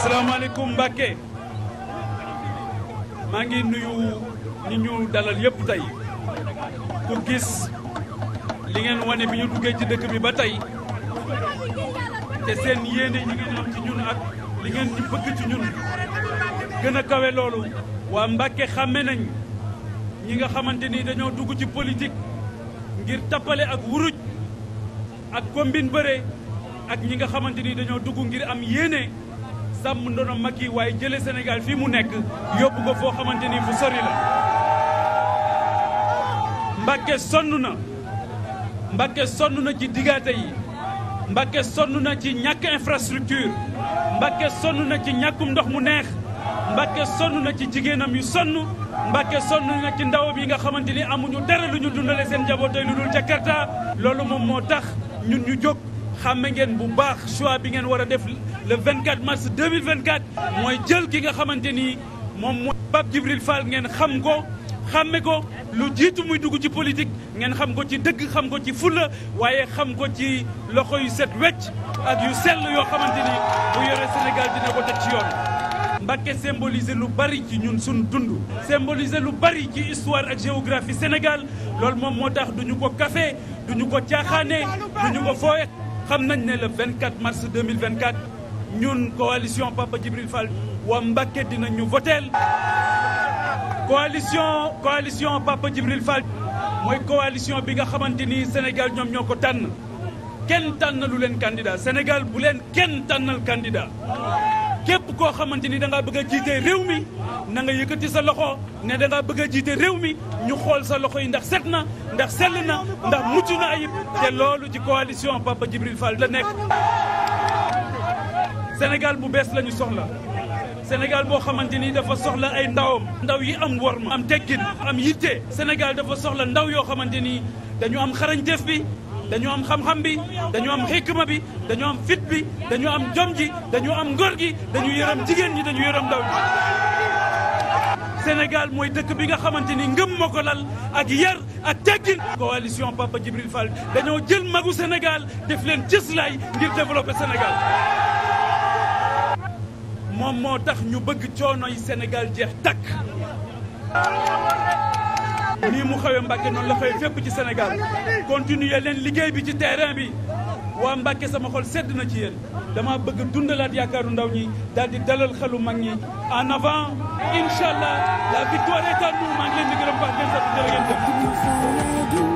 asalaamaaleykum Mbacke maa ngi nuyu ñi ñu dalal yëpp tey ku gis li ngeen wane bi ñu duggee ci dëkk bi ba tey te seen yéene ñi ngeen ci ñun ak li ngeen ñu bëgg ci ñun gën a kawe loolu waa Mbacke xàmme nañ ñi nga xamante ni dañoo dugg ci politique ngir tappale ak wuruj ak combine bëre ak ñi nga xamante ni dañoo dugg ngir am yéene sàmm ndono yi waaye jëlee senegal fii mu nekk yóbbu nga foo xamante ni fu sori la. Mbacké sonn na Mbacké sonn na ci digaate yi Mbacké sonn na ci ñàkk infrastructure Mbacké sonn na ci ñàkkum ndox mu neex Mbacké sonn na ci jigéenam yu sonn Mbacké sonn na ci ndaw bi nga xamante ni amuñu dara lu ñu dundale seen njaboot tey lu dul Jakarta loolu moom moo tax ñun ñu jóg xàmme ngeen bu baax choix bi ngeen war a def le 24 mars 2024 mooy jël ki nga xamante ni moom mooy Pape Djibril Fall ngeen xam ko xàmme ko lu jiitu muy dugg ci politique ngeen xam ko ci dëgg xam ko ci fulla waaye xam ko ci loxo yu set wecc ak yu sell yoo xamante ni bu yore Sénégal dina ko teg ci yoon. Mbacké symboliser lu bari ci ñun suñu dund symboliser lu bari ci histoire ak géographie Sénégal loolu moom moo tax duñu ko café duñu ko caaxaane duñu ko fooye xam nañ ne le 24 mars 2024 ñun coalition Papa Djibril Fall waa Mbacké dinañ ñu voteel coalition coalition Papa Djibril Fall mooy coalition bi nga xamante ni Sénégal ñoom ñoo ko tànn kenn tànnalu leen candidat senegal bu leen kenn tànnal candidat képp koo xamante ni da ngaa a jiite réew mi na nga yëkkati sa loxo ne da ngaa bëgg a jiite réew mi ñu xool sa loxo yi ndax set na ndax sell na ndax mucc na ayib te loolu ci coalition Papa Djibril fal la nekk Sénégal bu bees la ñu soxla Sénégal boo xamante ni dafa soxla ay ndaw ndawam ndaw yi am war ma am teggin am yitte Sénégal dafa soxla ndaw yoo xamante ni dañu am xarañteef bi dañu am xamxam xam bi dañu am xikma bi dañu am fit bi dañu am jom ji dañu am ngor gi dañu yërëm jigéen ñi dañu yërëm ndaw ñi Sénégal mooy dëkk bi nga xamante ni ngëm moo ko lal ak yar ak teggin coalition Papa Djibril Fall dañoo jël magu Sénégal def leen jës cëslaay ngir développer Sénégal moo tax ñu bëgg coonoy senegal jeex takk nii mu xawee Mbàkke noonu la xawee fépp ci senegal continuer leen liggéey bi ci terrain bi waa Mbàkke sama xol sedd na ci yéen dama bëgg dundalaat yaakaaru ndaw ñi daal di dalal xelu mag ñi en avant incha allah la victoire est leen di gërëm baax ngeen sant jërë ngeen jëf